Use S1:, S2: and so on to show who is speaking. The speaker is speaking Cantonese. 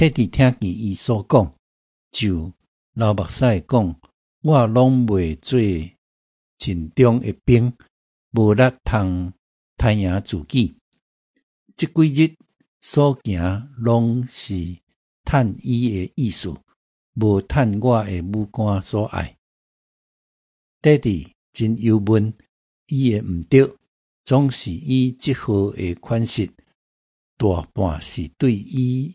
S1: 爹地聽見伊所講，就流目屎講，我攏未做盡忠一兵，無力通刣贏自己。”即幾日所行攏是趁伊嘅意思，無趁我嘅五官所愛。爹地真鬱悶，伊嘅毋對，總是以即號嘅款式，多半是對伊。